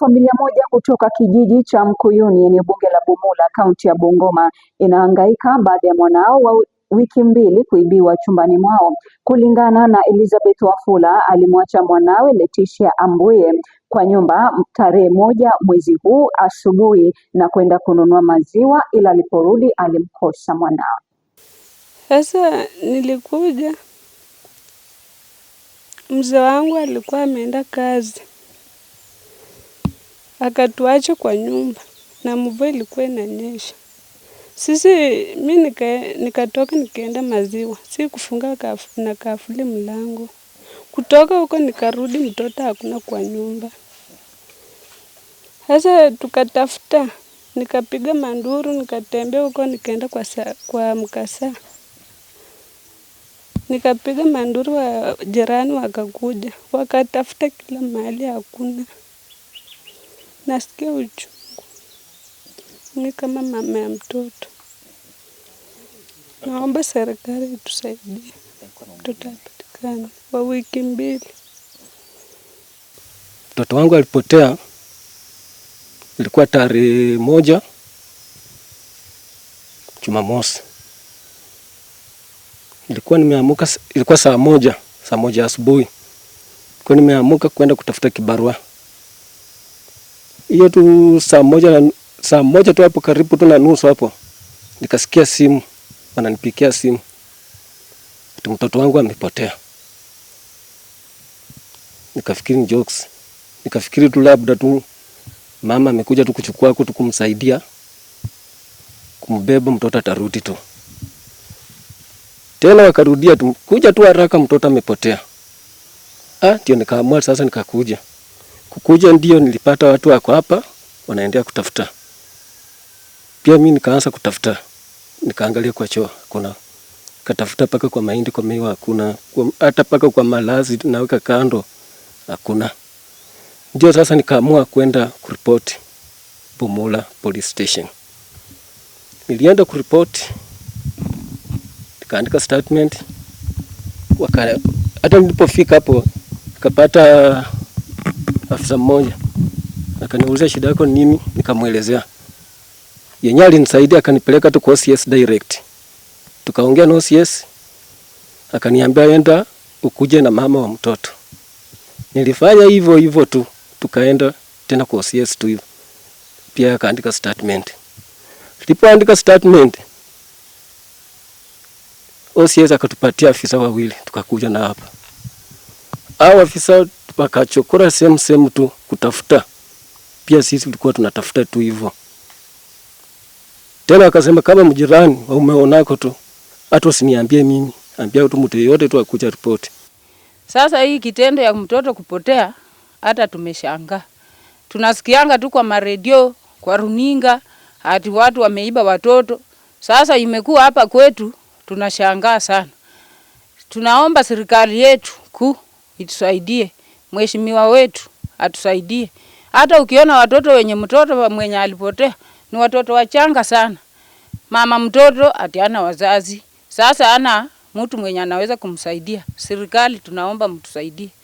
Familia moja kutoka kijiji cha Mkuyuni yenye bunge la Bumula kaunti ya Bungoma inahangaika baada ya mwanao wa wiki mbili kuibiwa chumbani mwao. Kulingana na Elizabeth Wafula, alimwacha mwanawe Leticia ambuye kwa nyumba tarehe moja mwezi huu asubuhi na kwenda kununua maziwa, ila aliporudi alimkosa mwanawe. Sasa nilikuja, mzee wangu alikuwa ameenda kazi akatuacha kwa nyumba na mvua ilikuwa inanyesha. Sisi mi nikatoka nikaenda maziwa, si kufunga kafu, na kafuli mlango. Kutoka huko nikarudi, mtoto hakuna kwa nyumba. Sasa tukatafuta, nikapiga manduru, nikatembea huko, nikaenda kwa, sa, kwa mkasa nikapiga manduru wa jirani wakakuja, wakatafuta kila mahali, hakuna. Nasikia uchungu mi kama mama ya mtoto, naomba serikali itusaidie, mtoto apatikane kwa wiki mbili. Mtoto wangu alipotea ilikuwa tarehe moja Jumamosi, ilikuwa nimeamuka, ilikuwa saa moja saa moja asubuhi, ilikuwa nimeamuka kwenda kutafuta kibarua hiyo tu saa moja na saa moja tu hapo karibu tu na nusu hapo nikasikia simu, wananipikia simu ati mtoto wangu amepotea. Nikafikiri ni jokes, nikafikiri tu labda tu mama amekuja tu kuchukua kutu kumsaidia kumbeba mtoto atarudi tu tena. Wakarudia tu kuja tu haraka, mtoto amepotea. Ah, ndio nikaamua sasa nikakuja kukuja ndio nilipata watu wako hapa wanaendea kutafuta. Pia mimi nikaanza kutafuta, nikaangalia kwa choo kuna katafuta paka kwa mahindi, kwa miwa hakuna, hata paka kwa malazi naweka kando hakuna. Ndio sasa nikaamua kwenda kuripoti Bumula Police Station. Nilienda kuripoti, nikaandika statement. Hata nilipofika hapo nikapata afisa mmoja akaniuliza shida yako ni nini, nikamwelezea yenye alinisaidia, akanipeleka tu kwa OCS direct, tukaongea na OCS, akaniambia enda ukuje na mama wa mtoto. Nilifanya hivyo hivyo tu, tukaenda tena kwa OCS tu hivyo pia, akaandika statement. Tulipoandika statement, OCS akatupatia afisa wawili, tukakuja na hapa hao afisa wakachokora sehemu sehemu tu kutafuta. Pia sisi tulikuwa tunatafuta tu hivyo. Tena akasema kama mjirani wa umeonako tu hata usiniambie mimi, ambia tu mtu yeyote tu akuja ripoti. Sasa hii kitendo ya mtoto kupotea hata tumeshangaa. Tunasikianga tu kwa maredio, kwa runinga, hati watu wameiba watoto. Sasa imekuwa hapa kwetu, tunashangaa sana. Tunaomba serikali yetu ku itusaidie mheshimiwa wetu atusaidie. Hata ukiona watoto wenye mtoto mwenye alipotea ni watoto wachanga sana. Mama mtoto ati ana wazazi sasa, ana mtu mwenye anaweza kumsaidia. Serikali tunaomba mtusaidie.